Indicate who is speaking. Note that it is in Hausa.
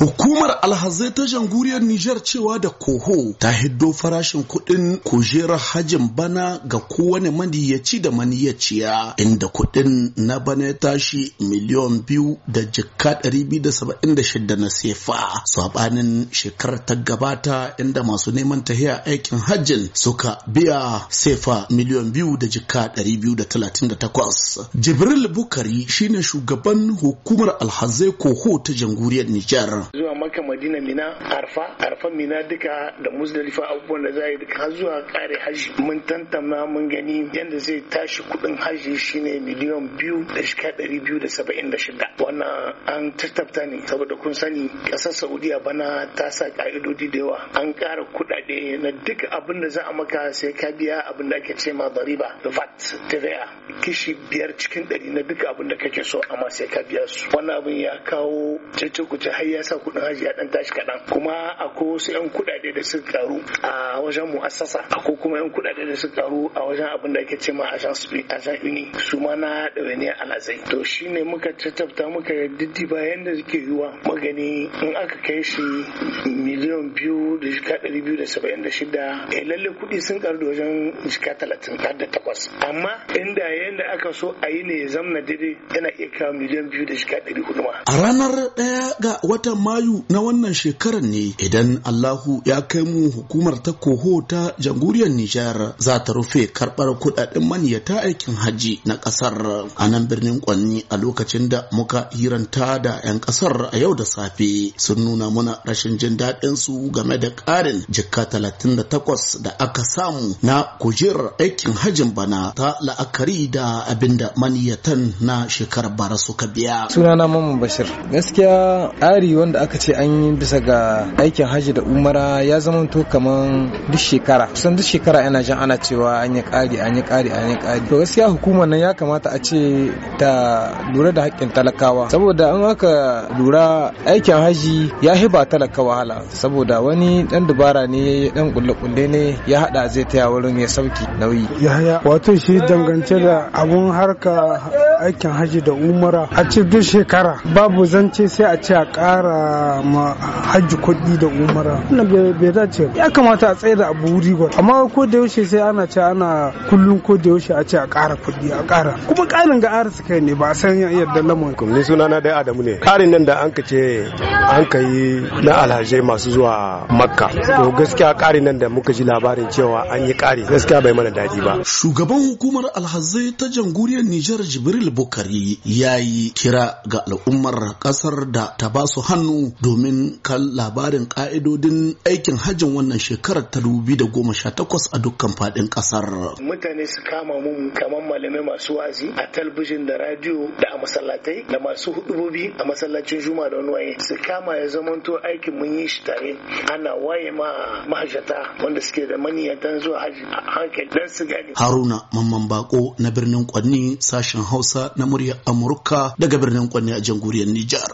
Speaker 1: Pourquoi alhazai ta janguriyar Nijar cewa da koho ta hiddo farashin kuɗin kujerar hajin bana ga kowane maniyaci da maniyaciya inda kuɗin na bana ya tashi miliyon biyu da jikka ɗari biyu da saba'in da shida na sefa saɓanin shekarar ta gabata inda masu neman tahiya aikin hajjin suka biya sefa miliyon biyu da jikka ɗari biyu da talatin da takwas. Jibril Bukari shine shugaban hukumar alhazai koho ta janguriyar Nijar.
Speaker 2: madina mina arfa arfa mina duka da musdalifa abubuwan da za yi duka har zuwa kare haji mun tantama mun gani yadda zai tashi kudin haji shine miliyan biyu da shika ɗari biyu da saba'in da shida wannan an tattabta ne saboda kun sani kasar saudiya bana ta sa ka'idodi da yawa an kara kuɗaɗe na duk abin da za a maka sai ka biya abin da ake ce ma ba. vat tva kishi biyar cikin ɗari na duk abin da kake so amma sai ka biya su wannan abin ya kawo cece kuce har ya sa kudin haji ya dan tashi kaɗan kuma akwai wasu 'yan kuɗaɗe da suka karu a wajen mu'assasa akwai kuma 'yan kuɗaɗe da suka karu a wajen abin da ake ce ma ajan uni su ma na a nazai to shine muka tattafta muka ba yadda suke yiwa magani in aka kai shi miliyan biyu da jika ɗari biyu da saba'in da shida eh, lalle kuɗi sun karu da wajen jika talatin har da takwas amma inda yadda aka so a yi ne ya zamna daidai yana iya kawo miliyan biyu da jika ɗari hudu ma.
Speaker 1: a ranar ɗaya ga watan mayu na wannan shekarar ne idan Allahu ya kai mu hukumar ta koho ta jamhuriyar Nijar za ta rufe karɓar kuɗaɗen maniyata aikin haji na ƙasar a nan birnin Kwanni a lokacin da muka hiranta da 'yan ƙasar a yau da safe sun nuna muna rashin jin daɗin su game da ƙarin jikka talatin da takwas da aka samu na kujerar aikin hajin bana ta la'akari da abinda maniyyatan na shekarar bara suka biya.
Speaker 2: Sunana Maman Bashir. Gaskiya ari wanda aka ce an bisa ga aikin hajji da umara ya zama to kaman duk shekara kusan duk shekara yana jan ana cewa an yi kari an yi kari an yi kari to gaskiya hukumar nan ya kamata a ce ta lura da haƙƙin talakawa saboda an aka lura aikin hajji ya hiba talaka wahala saboda wani dan dubara ne dan kulle-kulle ne ya hada zai taya wurin ya sauki nauyi
Speaker 1: yaya wato shi dangance da abun harka aikin hajji da umara a ce duk shekara babu zance sai a ce a ƙara ma hajji kuɗi da umara na bai dace ya kamata a tsaye da abu wuri gwar amma ko da yaushe sai ana ce ana kullum ko da yaushe a ce a ƙara kuɗi a ƙara kuma ƙarin ga arsa kai ne ba a san yadda lamun kuma ni suna na dai adamu ne ƙarin nan da an ka ce an ka yi na alhajai masu zuwa makka to gaskiya ƙarin nan da muka ji labarin cewa an
Speaker 2: yi ƙari gaskiya bai mana daɗi ba
Speaker 1: shugaban hukumar alhazai ta jamhuriyar Nijar Jibril Bukari ya yi kira ga al'ummar ƙasar da ta ba su hannu domin kan labarin ka'idodin aikin hajjin wannan shekarar ta takwas a dukkan faɗin kasar
Speaker 2: Mutane su kama mun kamar malamai masu wazi a talbijin da radio da a masallatai da masu hudubobi a masallacin juma da wani waye su kama ya zamanto aikin mun yi shi tare ana waye ma mahajjata wanda suke da maniyatan zuwa hajji a
Speaker 1: hankali dan su gane. Haruna Mamman Bako na birnin Kwanni sashen Hausa na muryar Amurka daga birnin Kwanni a jamhuriyar Nijar.